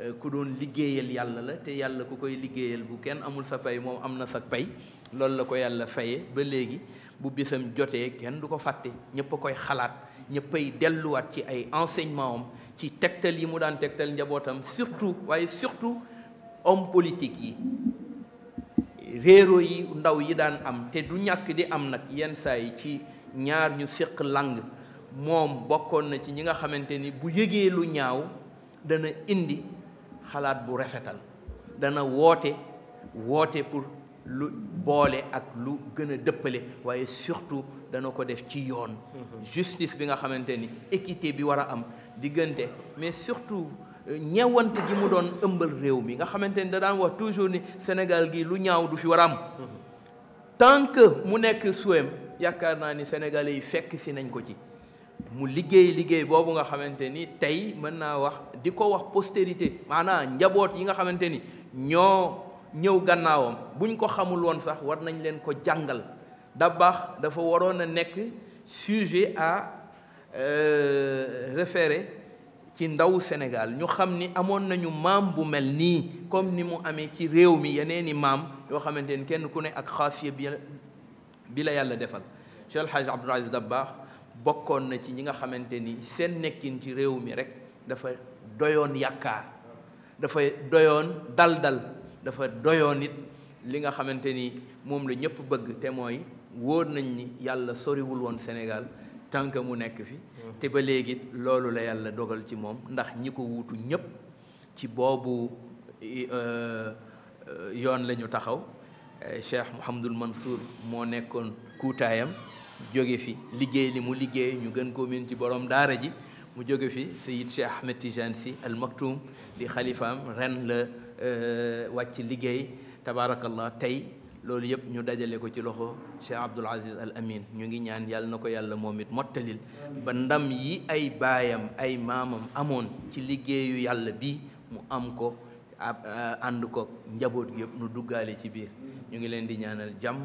Euh, ku doon liggéeyal yàlla la te yàlla ku koy liggéeyal bu kenn amul sa pay moom am na sa pay loolu la ko yàlla faye ba léegi bu bisam jotee kenn du ko fàtte ñëpp a koy xalaat ñëppay delluwaat ci ay enseignement am ci tegtal yi mu daan tegtal njabootam surtout waaye surtout homme politique yi réero yi ndaw yi daan am te du ñàkk di am nag yenn saa yi ci ñaar ñu séq lang moom bokkoon na ci ñi nga xamante ni bu yëgee lu ñaaw dana indi xalaat bu rafetal dana woote woote pour lu boole ak lu gën a dëppale waaye surtout dana ko def ci yoon mhm. justice bi nga xamante ni équité bi war a am diggante mais surtout euh, ñeewante gi mu doon ëmbal réew mi nga xamante ni da daan wax toujours ni Sénégal gi lu ñaaw du fi war a am mhm. tant que mu nekk suwem yaakaar naa ni sénégalais yi fekk si nañ ko ci mu liggéey liggéey boobu nga xamante ni tey mën naa wax di ko wax postérité maanaam njaboot yi nga xamante ni ñoo ñëw gannaawam buñ ko xamul woon sax war nañ leen ko jàngal Dabakh dafa waroon a nekk sujet à euh, référer ci ndaw Sénégal ñu xam ni amoon nañu maam bu mel nii comme ni mu amee ci réew mi yeneeni maam yoo xamante ni kenn ku ne ak xaasiya bi la yàlla defal Cheikh El Hadj Abdoul Aziz Dabakh bokkoon na ci ñi nga xamante ni seen nekkin ci réew mi rek dafa doyoon yàkkaar dafa doyoon dal-dal dafa doyoon it li nga xamante ni moom la ñëpp bëgg te mooy wóor nañ ni yàlla soriwul woon Sénégal tant mu nekk fi te ba léegi loolu la yàlla dogal ci moom ndax ñi ko wuutu ñëpp ci boobu euh, euh, yoon la ñu taxaw eh, Cheikh Mouhamadul Mansour moo nekkoon kuutaayam jóge fi liggéey li mu liggéey ñu gën koo min ci borom daara ji mu jóge fi Seyid Cheikh Ahmed Tijane si al Maktoum di xalifaam ren la euh, wàcc liggéey tabaarakallah tey loolu yëpp ñu dajale ko ci loxo Cheikh Abdoul Aziz Al Amin ñu ngi ñaan yàlla na ko yàlla moom it mottalil ba ndam yi ay baayam ay maamam amoon ci liggéeyu yàlla bi mu am ko ab euh, ànd ko njaboot gi yëpp nu duggaale ci biir ñu ngi leen di ñaanal jàmm